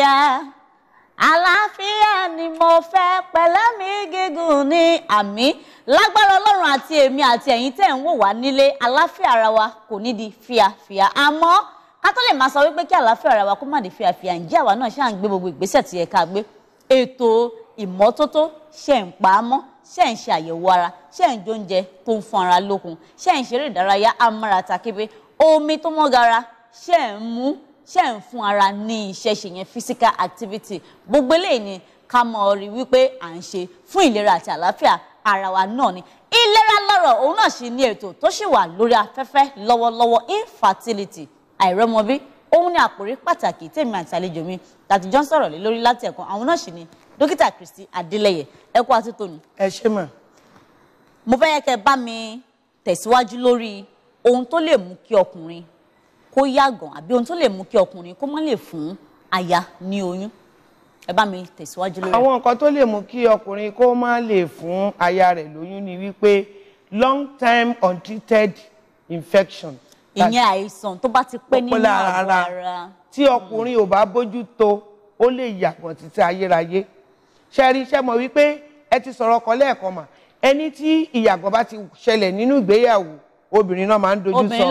àlàáfíà àlàáfíà ni mo fẹ́ pẹ̀lẹ́mí gígùn ní àmì lágbára ọlọ́run àti èmi àti ẹ̀yin tẹ́ ń wò wá nílé àlàáfíà ara wa kò ní di fíafíà àmọ́ ká tó lè máa sọ wípé kí àlàáfíà ara wa kó má di fíafíà ǹjẹ́ àwa náà ṣáà ń gbé gbogbo ìgbésẹ̀ tí yẹ ká gbé ètò ìmọ́tótó ṣe ń pa á mọ́ ṣe ń ṣe àyẹ̀wò ara ṣe ń jóúnjẹ tó ń fún ara lókun ṣe ń ṣeré ìdárayá amára takébé omi tó mọ́ gara ṣe ń mú ṣe ń fún ara ní iṣẹ́ ṣe yẹn physical activity gbogbo eléyìí ni ká mọ̀ rí wípé à ń ṣe fún ìlera àti àlàáfíà ara wa náà ni ìlera lọ́rọ̀ òun náà sì ni ètò tó sì wà lórí afẹ́fẹ́ lọ́wọ́lọ́wọ́ infertility àìrọ́mọbí òun ni àkòrí pàtàkì tèmi àti àlejò mi tàti jọ ń sọ̀rọ̀ lé lórí láti ẹ̀kan àwọn náà sì ni dókítà Kristi Adélẹ́yẹ ẹ kú àti tòní. ẹ ṣé mà. mo fẹ́ yẹ kẹ́ bá mi tẹ̀síwájú lórí ohun tó lè mú kí ọkùnrin kó yàgàn àbí ohun tó lè mú kí ọkùnrin kó má lè fún aya ní oyún ẹ bá mi tẹ̀síwájú lórí. àwọn nǹkan tó lè mú kí ọkùnrin kó má lè fún aya rẹ̀ lóyún ni wípé long time untreated infection. ìyẹn àìsàn tó bá ti pẹ́ nínú àgọ́ ara. tí ọkùnrin ò bá bójú tó ó lè yàgàn títí ayérayé ṣe rí iṣẹ́ mọ̀ wípé ẹ ti sọ̀rọ̀ kan lẹ́ẹ̀kan mà ẹni tí ìyàgàn bá ti ṣẹlẹ̀ nínú ìgbéyàwó obìnrin náà máa ń dojú sọ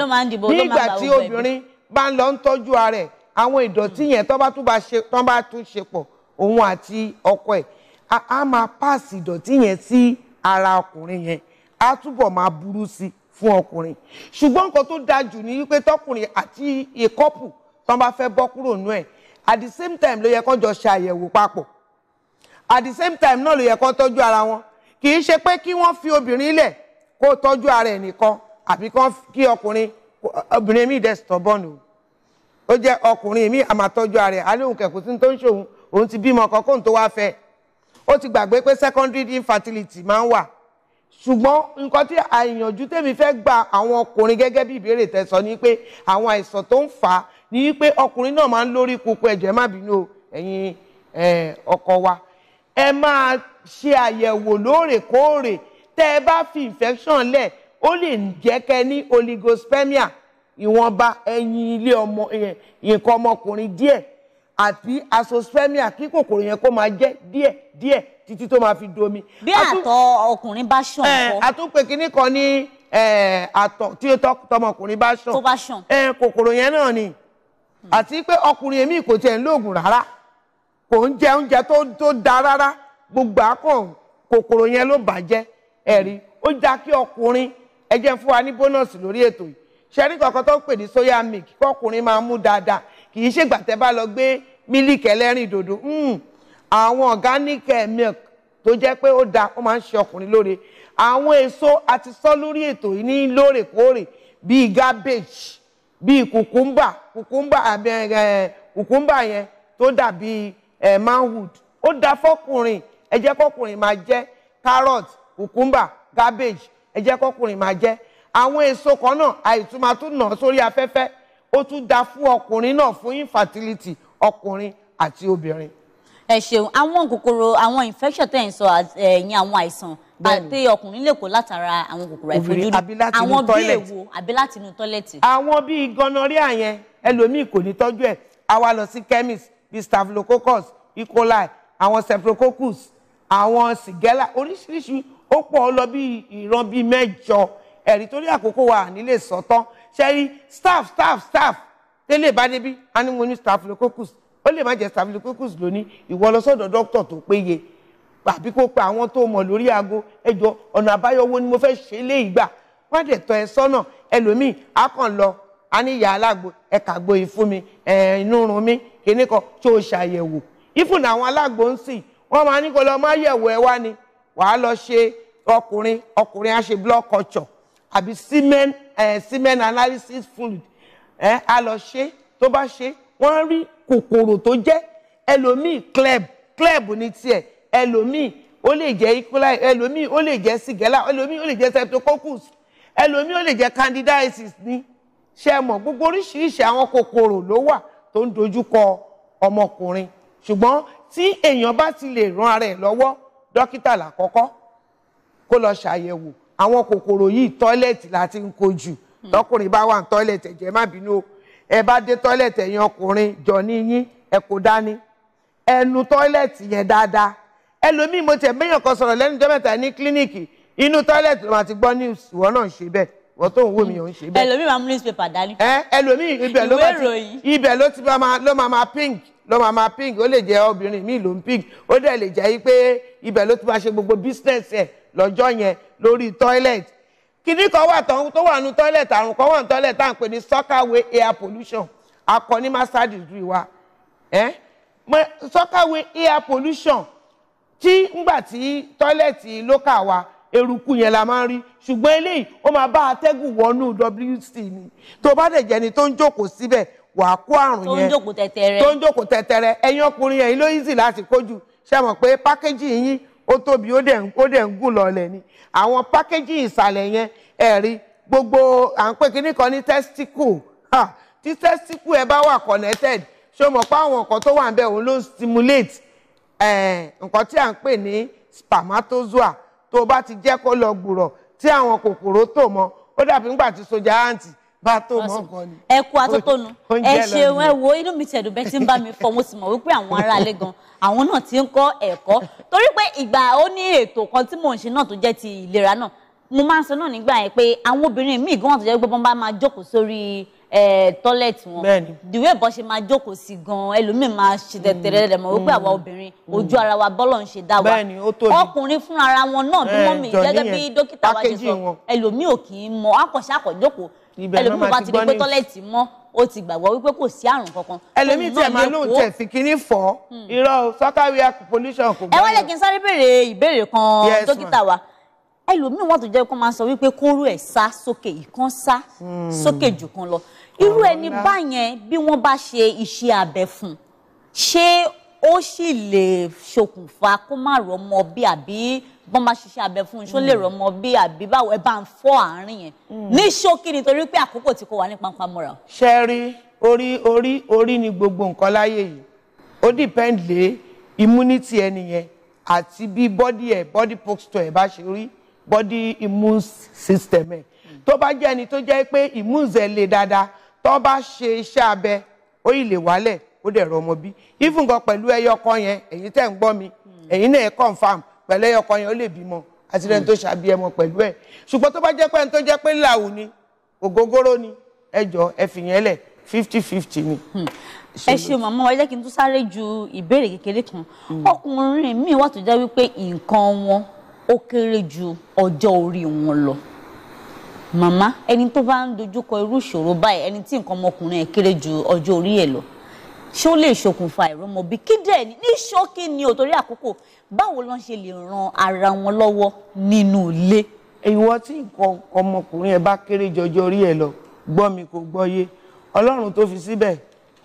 nígbà tí obìnrin bá ń lọ ń tọ́jú ara ẹ̀ àwọn ìdọ̀tí yẹn tó bá tún ṣe pọ̀ òun àti ọkọ ẹ̀ a máa páàsì ìdọ̀tí yẹn sí ara ọkùnrin yẹn á túbọ̀ máa burú sí fún ọkùnrin ṣùgbọ́n nǹkan tó dáa jù ni wípé tọkùnrin àti ìkọ́pù tán bá fẹ́ bọ́ kúrò nú ẹ̀ at the same time ló yẹ kán jọ ṣe àyẹ̀wò papọ̀ at the same time náà ló yẹ kán tọ́jú ara wọn kì í ṣe pé kí wọ́n fi obìnrin lẹ̀ kó tọ́jú ara ẹ̀ nìkan àfi kí ọkùnrin obìnrin mi dẹ̀ stọ̀bọ̀nù ó jẹ́ ọkùnrin mi àmàtọ́jú ààrẹ alóhùn kẹ̀kọ́ sí tó ń ṣòun òun ti bímọ ọkọ kóun tó wá fẹ́ ó ti gbàgbé pé secondary infertility máa ń wà ṣùgbọ́n nǹkan tí àyànjú tèmi fẹ́ gba àwọn ọkùnrin gẹ́gẹ́ bí ìbéèrè tẹ́ sọ ni pé àwọn àìsàn tó ń fà á ni pé ọkùnrin náà máa ń lórí kúkú ẹ̀jẹ̀ má bínú ẹ̀yin ọkọ wa ẹ máa ṣe àyẹ̀wò lóòrèkóòrè tẹ́ ẹ bá fi infection lẹ̀ ó lè jẹ́ kẹ́ ní oligospermia ìwọ̀nba ẹyin ilé ọmọ nǹkan ọmọkùnrin díẹ̀ àti asospermia kí kòkòrò yẹn kó máa jẹ́ díẹ̀ díẹ̀ títí tó máa fi domi. bí àtọ̀ ọkùnrin bá ṣàn kọ. àtúnpè kínní kan ní àtọ̀ tí ó tọmọkùnrin bá ṣàn. tó bá ṣàn. kòkòrò yẹn náà ni àti pé ọkùnrin èmi kò tiẹ̀ ń lóògùn rárá kò ń jẹ oúnjẹ tó da rárá gbogbo àkàn kòkòrò yẹn ló bàjẹ́ ẹ̀rí ó já kí ọkùnrin ẹ jẹ́ fún wa ní bónọ́ọ̀sì lórí ètò yìí ṣẹ́rí kankan tó ń pè ní soya milk kọkùnrin máa mú dáadáa kì í ṣègbà tẹ́ bá lọ gbé mílìkì ẹlẹ́rìn dòdò hmm. àwọn organic eh, milk tó jẹ́ pé ó da ó máa ń ṣe ọkùnrin lóore àwọn èso àti sọ lórí ètò yìí ní lóòrèkóòrè bíi cabbage bíi kùkúmbà kùkúmbà kùkúmbà yẹn tó dàbí eh, manhood ó da fọkùnrin ẹ jẹ́ kọkùnrin máa jẹ carrot kùkúmbà cabbage ẹ jẹ́ kọ́kùnrin máa jẹ àwọn èso kan náà àìtúmọ̀ tún nà sórí afẹ́fẹ́ ó tún da fún ọkùnrin náà fún infertility ọkùnrin àti obìnrin. ẹ ṣeun àwọn kòkòrò àwọn infection tẹ̀ ń sọ ẹ̀yìn àwọn àìsàn àti ọkùnrin lè kó látara àwọn kòkòrò àìfojúrí àwọn bíi èwo àbí láti inú tọ́lẹ̀tì. àwọn bíi gonorrhea yẹn ẹlòmíì kò ní tọ́jú ẹ̀ a wá lọ sí chemist bíi staphylococcus E. coli àwọn streptococcus àwọn sigella oríṣiríṣi ó pọ̀ lọ bí ìran bíi mẹ́jọ ẹ̀rí torí àkókò wa nílé sọ́tán ṣẹ́rí staff staff staff tẹ́lẹ̀ bá débi a ní mo ní staphylococcus ó lè má jẹ́ staphylococcus lónìí ìwọ lọ sọ́dọ̀ dókítà tó péye àbí kó pa àwọn tó mọ̀ lórí aago ẹjọ́ ọ̀nà àbáyọ ni mo fẹ́ ṣe lé ìgbà wọ́n dẹ̀ tọ́ ẹ sọ́nà ẹlòmíì á kàn lọ a ní ìyá alágbo ẹ kàgbo ìfún mi ẹ inú run mi kíní kan tó o ṣàyẹ̀wò ìfún àwọn alágbo ń sìn wọ́n máa ní kó lọ má yẹ̀wò ẹ wá ni wàá lọ ṣe ọkùnrin ọkùnrin á ṣe blood culture àbí semen semen analysis fluid a lọ ṣe tó bá ṣe wọ́n rí kòkòrò tó jẹ́ ẹlòmíì cleb cleb ní tiẹ̀ ẹlòmíì ó lè jẹ́ ecoli ẹlòmíì ó lè jẹ́ sigella ẹlòmíì ó lè jẹ́ streptococcus ẹlòmíì ó lè jẹ́ candidiasis ní ṣe mọ̀ gbogbo oríṣiríṣi àwọn kòkòrò ló wà tó ń dojúkọ ọmọkùnrin ṣùgbọ́n tí èèyàn bá ti lè ran ara ẹ̀ lọ́wọ́ dókítà làkọ́kọ́ kó lọ ṣàyẹ̀wò àwọn kòkòrò yìí tọ́lẹ̀tì láti ń kojú tọkùnrin bá wà ní tọ́lẹ̀tì ẹ̀jẹ̀ má bínú o ẹ bá dé tọ́lẹ̀tì ẹ̀yin ọkùnrin jọ ní yín ẹ kò dání ẹnu tọ́lẹ̀tì yẹn dáadáa ẹlòmíì mo tẹ̀ méyàn kan sọ̀rọ̀ lẹ́nu jẹ́ mẹ́ta ní kílíníkì inú tọ́lẹ̀tì ló máa ti gbọ́ ní ìwọ náà ń ṣe bẹ́ẹ̀ wọ́n tó ń wò mí ò ń ṣe bẹ́ẹ̀ ẹlòmíì máa mú newspaper pink ló máa ma pink ó lè jẹ́ obìnrin míì ló ń pink ó dẹ̀ lè jẹ́ pé ibẹ̀ ló ti máa ṣe gbogbo business ẹ̀ lọ́jọ́ yẹn lórí toilet kìnnì kan wà tó tó wà nù toilet àrùn kan wà nù toilet tá à ń pè ní soccerway air pollution akọ ní master degree wa eh? soccerway air pollution tí ngbà tí tọ́lẹ̀tì lókà wa eruku yẹn la máa ń rí ṣùgbọ́n eléyìí ó máa bá atẹ́gùn wọnú WC ni tó bá dẹ̀ jẹ́ni tó ń jókòó síbẹ̀ wàá kó àrùn yẹn tó ń jókòó tẹ̀tẹ̀rẹ̀ tó ń jókòó tẹ̀tẹ̀rẹ̀ ẹ̀yin ọkùnrin yẹn ló easy láti kójú ṣe mọ̀ pé pákéjì yín ó tóbi ó dẹ̀ ó dẹ̀ ń gùn lọlẹ̀ ni àwọn pákéjì ìsàlẹ̀ yẹn ẹ̀ rí gbogbo à ń pè kíní kan ní testicle tí testicle ẹ bá wà connected ṣe mọ̀ pé àwọn nǹkan tó wà ń bẹ̀ òun ló stimulate nǹkan tí à ń pè ní spermatozoa tó o bá ti jẹ́ kó lọ gbùrọ̀ tí àwọn kòkòrò tò mọ́ ó dàbí nígbà tí sojà àǹtí bá tó mọ nǹkan ni. ẹ kú atótónu ẹ ṣeun ẹ wo inú mi tẹ̀dùn bẹ́ẹ̀ tí ń bá mi fọ mo sì mọ̀ wípé àwọn ará alẹ́ gan àwọn náà ti ń kọ́ ẹ̀kọ́ torí pé ìgbà ó ní ètò kan tí mò ń ṣe náà tó jẹ́ ti ìlera náà mo máa ń sọ náà nígbà yẹn pé àwọn obìnrin míì gan tó jẹ́ pé bá máa jókòó sórí tọ́lẹ̀tì wọn ìwé ìbọn ṣe máa jókòó sí gan ẹlòmíì máa ṣe tẹ̀tẹ̀rẹ̀ rẹ̀ mọ̀ wípé mm-hmm. àwa obìnrin ojú ara wa bọ́lọ̀ ń ṣe dá wa ọkùnrin fúnra wọn náà bí mọ́mì gẹ́gẹ́ bí dókítà wa ṣe sọ ẹlòmíì ò kì í mọ akọ̀ṣe akọ̀jókòó ẹlòmíì bá ti di pé tọ́lẹ̀tì mọ́ ó ti gbàgbọ́ wípé kò sí àrùn kankan. ẹlòmíì tí ẹ máa lóun tẹ̀ sí kínní fọ́ hmm. irọ́ sọ́kàwíà pollution kò gbọ́dọ̀. ẹ wá lè kí n sáré béèrè ìbéèrè kan dókítà wa ẹlòmíì wọn tó jẹ́ kó máa sọ wípé kóró ẹ̀ sá sókè ìkan sá hmm. sókè jù kan lọ irú ẹni báyẹn bí wọ́n bá ṣe iṣẹ́ abẹ fún ṣé ó sì lè ṣokùnfà kó má rọmọ bí àbí bọ́n máa ṣiṣẹ́ abẹ fún un ṣó lè mm. rọmọ bí àbí báwo ẹ bá ń fọ́ àárín yẹn mm. ní ṣókí nítorí pé àkókò tí kò wà ní pampamọ́ra. ṣe rí orí orí orí ni gbogbo nǹkan láyé yìí ó depend lé immunity ẹni yẹn àti bí body ẹ body posture ẹ bá ṣe rí body immune system ẹ mm. tó bá jẹ́ ẹni tó jẹ́ pé immune ẹ̀ lè dáadáa tó bá ṣe iṣẹ́ abẹ ó ì lè wálẹ̀ ó dẹ̀ rọ ọmọ bí even gan pẹ̀lú ẹyọ kan yẹn ẹ̀yin tẹ̀ ń gbọ́ mi ẹ̀yin náà confam pẹ̀lú ẹyọ kan yẹn ó lè bímọ àti rẹ̀ tó ṣàbí ẹmọ pẹ̀lú ẹ̀ ṣùgbọ́n tó bá jẹ́ pé ẹni tó jẹ́ pé làwù ni ògógóró ni ẹ jọ ẹ fifty fifty ni. Hmm. ẹ ṣe màmá wa jẹ́ kí n tún sáré ju ìbéèrè kékeré kan hmm. ọkùnrin míì wà tó jẹ́ wípé nǹkan wọn ó kéré ju ọjọ́ orí wọn lọ màmá ẹni tó bá ń dojúkọ irú ìṣòro báyìí ẹni tí nǹkan ọmọkùnrin ẹ̀ kéré ju ọjọ́ orí ẹ̀ lọ ṣé ó lè ṣokùnfà ìrọmọbí kí dẹ̀ ní ṣókí ni ò torí àkókò báwo ló ń ṣe lè ran ara wọn lọ́wọ́ nínú ilé. ìwọ tí nǹkan ọmọkùnrin ẹ bá kéré jọjọ rí ẹ lọ gbọ́ mi kò gbọ́ yé ọlọ́run tó fi síbẹ̀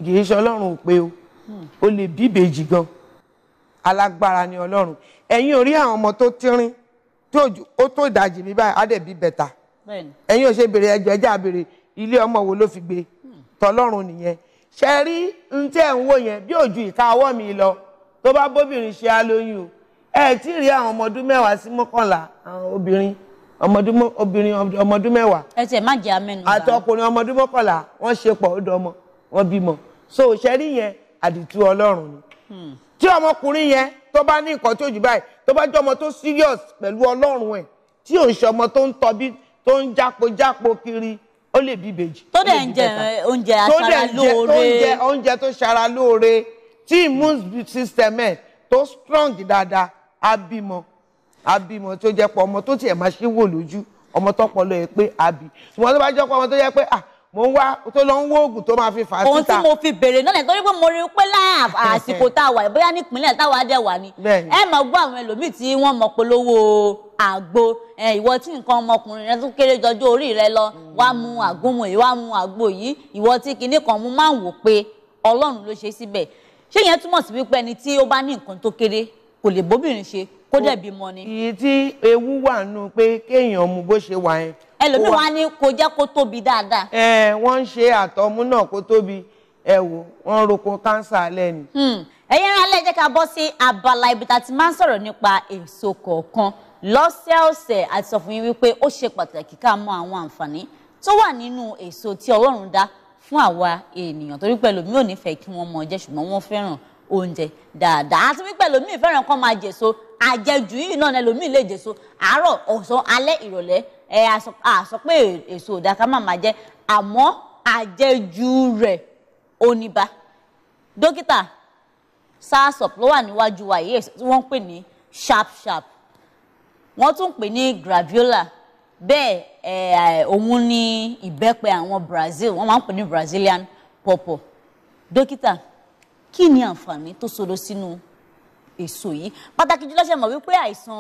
kì í ṣe ọlọ́run ò pé o ó hmm. lè bí ìbejì gan alágbára ni ọlọ́run ẹ̀yin ò rí àwọn ọmọ tó tínrín tó ó tó ìdajì mi báyìí á dẹ̀ bí bẹ̀ta ẹ̀yin ò ṣe béèrè ẹjọ́ ẹjọ́ ilé ọmọ wo ló fi gbé hmm. tọlọ́run nìyẹn ṣe rí n tẹ́ ń wò yẹn bí òjú ìka ọwọ́ mi lọ tó bá bóbìnrin ṣe alóyún ẹ tí ì rí àwọn ọmọ ọdún mẹ́wàá sí mọ́kànlá àwọn obìnrin obìnrin ọmọ ọdún mẹ́wàá. ẹ tẹ má jẹ amẹnu. àtọkùnrin ọmọ ọdún mọ́kànlá wọ́n ṣe pọ̀ ó dọmọ wọ́n bímọ so ṣe rí yẹn àdìtú ọlọ́run ni. Hmm. tí ọmọkùnrin yẹn tó bá ní nǹkan tó jù báyìí tó bá jẹ́ ọmọ tó serious pẹ̀lú ọlọ́run ẹ̀ tí ò ń ṣe ọmọ tó ń tọbi tó ń jápojápo kiri ó lè bí ìbejì. tó dẹ̀ ń jẹ oúnjẹ aṣara lóore. oúnjẹ tó ṣara lóore tí immune system ẹ̀ tó strong dáadáa á bímọ á bímọ tó jẹ́ pé ọmọ tó tiẹ̀ máa ṣe wò lójú ọmọ tó pọ̀ lọ yẹ pé àbí ṣùgbọ́n tó bá jẹ́ pé ọmọ tó yẹ pé ah mo ń wá tó lọ ń wóògùn tó máa fi fà á síta. ohun tí mo fi béèrè náà nítorí pé mo rí i pé láàf àsìkò tá a wà bóyá nípínlẹ̀ táwa dẹ̀ wà ni ẹ máa gbọ́ àwọn ẹlòmíì tí wọ́n mọ̀ polówó àgbo ìwọ tí nǹkan ọmọkùnrin rẹ tún kéré jọjọ orí rẹ lọ wá mu àgúnmu yìí wá mu àgbo yìí ìwọ tí kinní kan mu máa ń wò pé ọlọ́run ló ṣe síbẹ̀ ṣé yẹn túmọ̀ sí wípé ẹni tí ó bá ní nǹkan tó kéré kò lè bóbìnrin ṣe kó dẹ̀ bímọ ni. iye tí ewu wà nù pé kéèyàn mu bó ṣe wà yẹn. ẹlòmíì wá ní kó jẹ́ kó tóbi dáadáa. ẹ wọ́n ń ṣe àtọ̀mú náà kó tóbi ẹ wò wọ́n roko kánsà lẹ́nu. Hmm. ẹ̀yin ara lẹ́jẹ̀ ká bọ́ sí abala ibi tá a ti máa ń sọ̀rọ̀ nípa èso kọ̀ọ̀kan lọ́sẹ̀ọ̀sẹ̀ àti sọ fún yín wípé ó ṣe pàtàkì ká mọ àwọn àǹfààní tó wà nínú èso tí Ọlọ́run dá fún àwa ènìyàn torí pé ẹlòmíì ò nífẹ̀ẹ́ kí wọ́n mọ jẹ ṣùgbọ́n wọ́n fẹ́ràn oúnjẹ dáadáa àti wípé ẹlòmíì fẹ́ràn kán máa jèso àjẹjù yìí náà ẹlòmíì lè jèso àárọ̀ ọ̀sán alẹ́ ìrọ̀lẹ́ ẹ àsọ pé èso ò dáa ká má máa jẹ àmọ́ àjẹjù rẹ̀ oníbà dókítà sars ló wà níwájú wa yìí wọ́n ń pè ní sharp sharp wọ́n tún pè ní graviola bẹ́ẹ̀ òun ni ìbẹ́pẹ àwọn Brazil wọ́n máa ń pè ní Brazilian pawpaw dókítà kí ni àǹfààní tó sodo sínú èso yìí pàtàkì jùlọ ṣe mọ̀ wípé àìsàn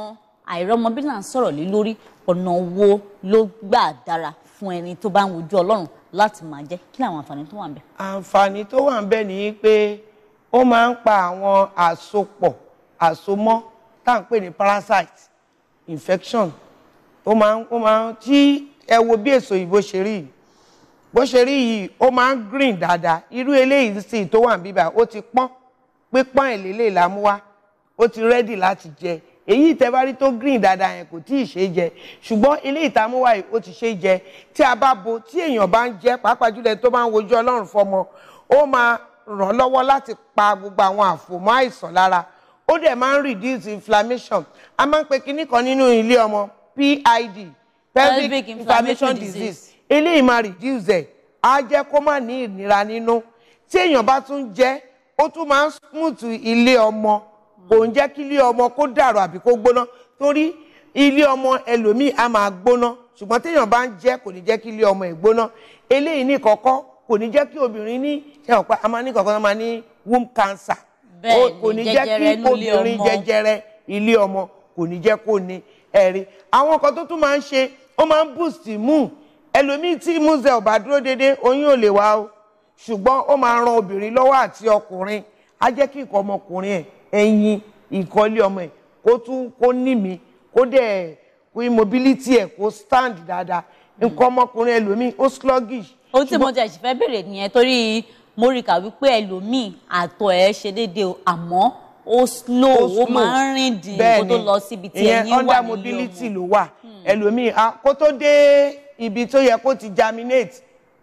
àìrọ́mọbí là ń sọ̀rọ̀ lé lórí ọ̀nà wo ló gbà dára fún ẹni tó bá ń wojú Ọlọ́run láti máa jẹ kí làwọn àǹfààní tó wà ń bẹ. àǹfààní tó wà ń bẹ ni pé ó máa ń pa àwọn àsopọ̀ àsomọ́ tá à ń pè ní parasite infection ó máa ń ó máa ń tí ẹ wo bí èso ìbò ṣe rí yìí bó ṣe rí yìí ó máa ń green dáadáa irú eléyìí sì tó wà níbí báyìí ó ti pọ́n pípọ́n ìlélẹ̀ làmúwá ó ti rẹ́dì láti jẹ èyí ìtẹ́bárí tó green dáadáa yẹn kò tí ì ṣe jẹ ṣùgbọ́n eléyìí ìtàmúwá yìí ó ti ṣe jẹ tí a bá bo tí èèyàn bá ń jẹ pàápàá jùlọ tó bá ń wojú ọlọ́run fọmọ ó máa ràn lọ́wọ́ láti pa gbogbo àwọn àfòmọ́ àìsàn lára ó dẹ̀ máa ń reduce inflammation a máa ń pe kinní kan nínú ilé ọmọ PID pelvic inflammation disease eléyìí máa reduce ẹ̀ á jẹ́ kó má ní ìnira nínú tí èèyàn bá tún jẹ́ ó tún máa ń smooth ilé ọmọ kò ń jẹ́ kí ilé ọmọ kó dàrú àbí kó gbóná torí ilé ọmọ ẹlòmíì á máa gbóná ṣùgbọ́n téèyàn bá ń jẹ́ kò ní jẹ́ kí ilé ọmọ ẹ̀ gbóná eléyìí ní kọ́kọ́ kò ní jẹ́ kí obìnrin ní ṣe ọ̀pá a máa ní kọ̀ọ̀kan máa ní womb cancer kò ní jẹ́ kí obìnrin jẹjẹrẹ ilé ọmọ kò ní jẹ́ kó ní ẹ̀rí àwọn nǹkan tó tún máa ń ṣe ó máa ń boost mood ẹlòmíì tí múzẹ ò bá dúró déédéé oyún ò lè wá o ṣùgbọ́n ó máa ran obìnrin lọ́wọ́ àti ọkùnrin á jẹ́ kí nǹkan ọmọkùnrin ẹ̀ ẹyin ìkọ́lé ọmọ ẹ̀ kó tún kó ní mi kó dẹ̀ kó immobility ẹ̀ kó stand dáadáa nǹkan ọmọkùnrin ẹlòmíì ó sluggish. ohun tí mo jẹ́ ìṣẹ̀fẹ́ bèrè nìyẹn torí mo rí kà wípé ẹlòmíì àtọ̀ ẹ̀ ṣe déédéé o àmọ́ ó slow ó máa ń rìn dín kó tó lọ síbi tí ẹ̀yìn wà nílé ọmọ under mobility ló wà hmm. ẹlòmíì kó tó dé ibi tó yẹ kó ti germinate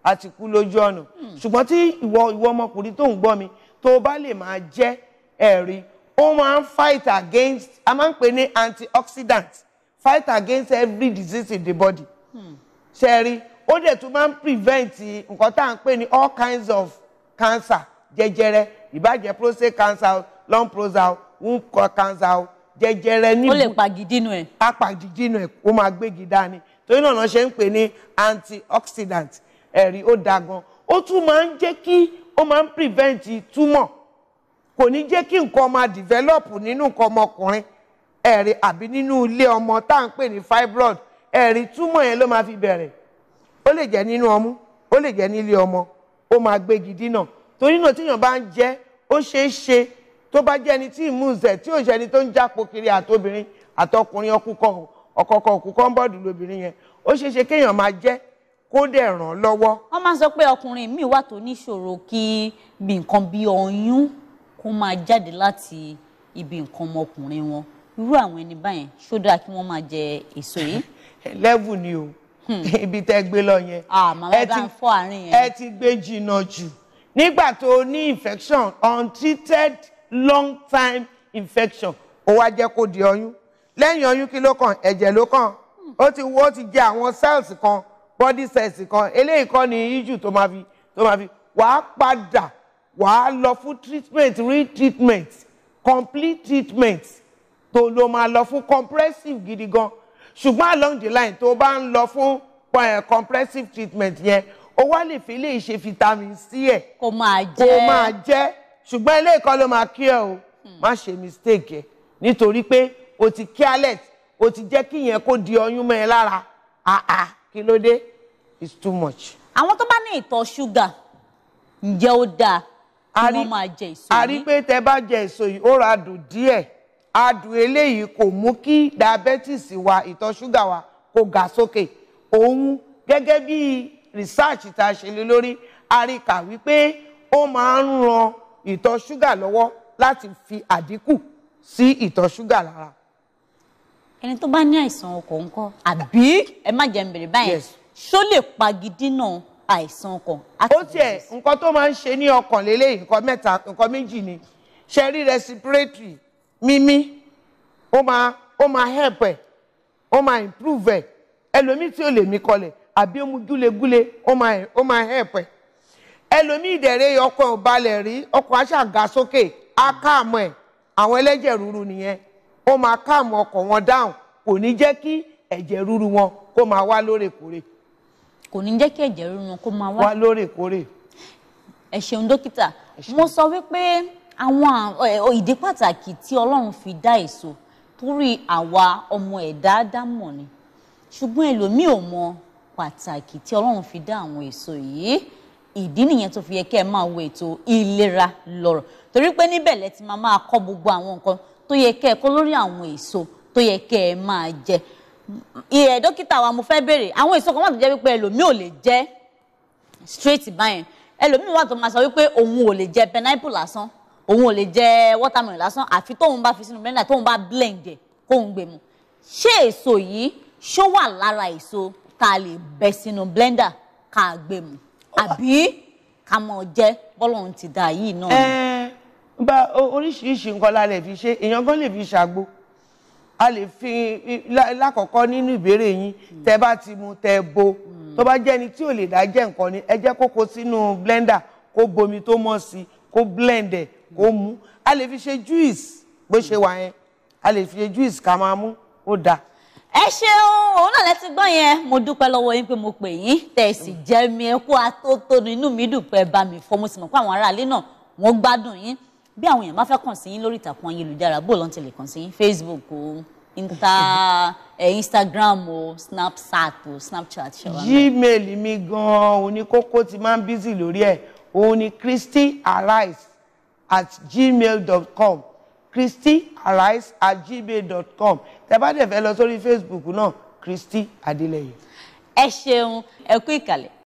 àti kú lójú ọ̀nà hmm. ṣùgbọ́n tí ìwọ ìwọ ọmọkùnrin tó ń gbọ́ mi tó bá lè máa jẹ́ ẹ̀rí ó máa ń fight against a máa ń pè ní antioxidant fight against every disease in the body hmm. ṣe rí ó dẹ̀ tún máa ń prevent nǹkan tá à ń pè ní all kinds of cancer jẹjẹrẹ ìbàjẹ́ prostate cancer lung cancer womb cancer jẹjẹrẹ níbu ó lè pàgìdínú ẹ á pàgìdínú ẹ ó máa gbégi dání torí náà wọ́n ṣe ń pè ní antioxidant ẹ̀rí ó da gan ó tún máa ń jẹ́ kí ó máa ń prevent túmọ̀ kò ní jẹ́ kí nǹkan máa develop nínú nǹkan ọmọkùnrin ẹ̀rí àbí nínú ilé ọmọ tá à ń pè ní fibroid ẹ̀rí túmọ̀ yẹn ló máa fi bẹ̀rẹ̀ ó lè jẹ́ nínú ọmú ó lè jẹ́ nílé ọmọ ó máa gbégi dínà torí náà tíyàn bá ń jẹ ó ṣeé ṣe tó bá jẹ́ ẹni tí ìmúzẹ̀ tí ò ṣe ẹni tó ń jápo kiri àtobìnrin àtọkùnrin ọkùnkọ ọkọọkọ òkùnkọ ń bọ́ọ̀dù lóbìnrin yẹn ó ṣeé ṣe kéèyàn máa jẹ kó dẹ̀ ràn lọ́wọ́. wọ́n máa ń sọ pé ọkùnrin mi wà tó níṣòro kí bí nǹkan bí ọyún kó máa jáde láti ibi nǹkan ọmọkùnrin wọn irú àwọn ẹni báyẹn ṣó dáa kí wọ́n máa jẹ èso yìí. lẹ́bù ni o Hmm. ibi tẹ́ gbé lọ ah, yẹn ẹ ti gbé jìnnà jù nígbà tó ní infection untreated long time infection ó wá jẹ́ kó di ọyún lẹ́yìn ọyún kí ló kàn ẹ̀jẹ̀ ló kàn hmm. ó ti wó ti jẹ àwọn cells kan body cells kan eléyìí kọ́ ni ijù tó máa fi tó máa fi wàá padà wàá lọ fún treatment re-treatment complete treatment tó ló máa lọ fún compressive gidi gan-an ṣùgbọ́n along the line tó bá ń lọ fún eh, compressive treatment yẹn o wá lè fi lè ṣe vitamin c ẹ̀ kó máa jẹ́ kó máa jẹ́ ṣùgbọ́n ilé ìkọ́ ló máa kí ẹ o hmm. má ṣe mistake ẹ nítorí pé o ti kí alert o ti jẹ́ kí yẹn kó di ọyún mọ́ ẹ lára àà kí ló dé it's too much. àwọn tó bá ní ìtọ̀ ṣúgà ǹjẹ́ ó dáa kí wọ́n máa jẹ èso yìí. a rí pé tẹ bá jẹ èso yìí ó ra dùn díẹ̀ adùn eléyìí kò mú kí diabetes wa ìtọ̀ ṣúgà wa kó ga sókè òun gẹ́gẹ́ bí research tá a ṣe lé lórí a rí kà wípé ó máa ń ran ìtọ̀ ṣúgà lọ́wọ́ láti fi àdínkù sí ìtọ̀ ṣúgà lára. ẹni tó bá ní àìsàn ọkọ̀ ńkọ́ àbí ẹ má jẹ́ n bèrè báyẹn ṣó lè pagidínà àìsàn ọkàn. ó tiẹ̀ nǹkan tó máa ń ṣe ní ọkàn lélẹ́yìn nǹkan mẹ́ta nǹkan méjì ni ṣe rí respiratory mímí ó máa ó máa help ẹ̀ ó máa improve ẹ̀ ẹlòmíì tí ò lè mí kọlẹ̀ àbí ó mu gúlegúle ó máa ó máa help ẹ̀ ẹlòmíì ìdẹ̀rẹ̀ ọkọ ò balẹ̀ rí ọkọ aṣàga sókè á káàmù ẹ̀ àwọn ẹlẹ́jẹ̀ rúru nìyẹn ó máa káàmù ọkọ̀ wọn down kò ní jẹ́ kí ẹ̀jẹ̀ rúru wọn kó máa wá lóòrèkóòrè kò ní jẹ́ kí ẹ̀jẹ̀ rúru wọn kó máa wá lóòrèkóòrè ẹ ṣeun dókítà mo sọ wípé àwọn ìdí pàtàkì tí ọlọ́run fi dá èso torí àwa ọmọ ẹ̀dá dámọ̀ ni ṣùgbọ́n ẹlòmíì ò mọ pàtàkì tí ọlọ́run fi dá àwọn èso yìí ìdí nìyẹn tó fi yẹ kẹ́ ẹ máa wo ètò ìlera lọ́rọ̀ torí pé níbẹ̀ lẹ ti máa máa kọ́ gbogbo àwọn nǹkan tó yẹ kẹ́ ẹ kọ́ lórí àwọn èso tó yẹ kẹ́ ẹ máa jẹ ìyẹn dókítà wa mo fẹ́ béèrè àwọn èso kan wà tó jẹ́ wípé ẹlòmíì ò lè jẹ straight báyẹn ẹlòmíì wà tó máa sọ wípé òun ò lè jẹ pineapple lásán òun ò lè jẹ watermelon lásán àfi tóun bá fi sínú blender tóun bá blend ẹ̀ kóun gbé mu ṣé èso yìí ṣó wà lára èso ká lè bẹ sínú blender ká gbé mu àbí ká mọ jẹ bọ́lọ́run ti dà yìí náà. ẹ bá oríṣiríṣi nǹkan la lè fi ṣe èèyàn gan lè fi ṣàgbo a lè fi lákọ̀ọ́kọ́ nínú ìbéèrè yín tẹ bá ti mu tẹ bo hmm. tó bá jẹ́ ni tí ò lè dá jẹ́ nǹkan ni ẹ jẹ́ kókó sínú blender kó bomi tó mọ́ sí i kó blend ẹ̀ kó mu a lè fi ṣe juice bó ṣe wà yẹn a lè fi ṣe juice ká máa mú ó dáa. ẹ ṣeun òun náà lẹ ti gbọ́ yẹn mo dúpẹ́ lọ́wọ́ yín pé mo pè yín tẹ̀ sì jẹ́ mi ẹ kó atótónu inú mi dùn pé bá mi fọ́ mo sì mọ̀ pé àwọn aráalé náà wọ́n gbádùn yín bí àwọn èèyàn bá fẹ́ kàn sí yín lórí ìtàkùn ayélujára bó lọ́n ti lè kàn sí yín Facebook o inta eh, Instagram o Snapchat o Snapchat ṣe wá. Gmail mi gan-an oníkókó ti máa ń bízì lórí ẹ̀ òun at gmail dot com christianrise at gmail dot com tẹ́ bá dẹ̀ fẹ́ lọ sórí facebook náà christy adeleye. ẹ ṣeun ẹ kú ìkàlẹ̀.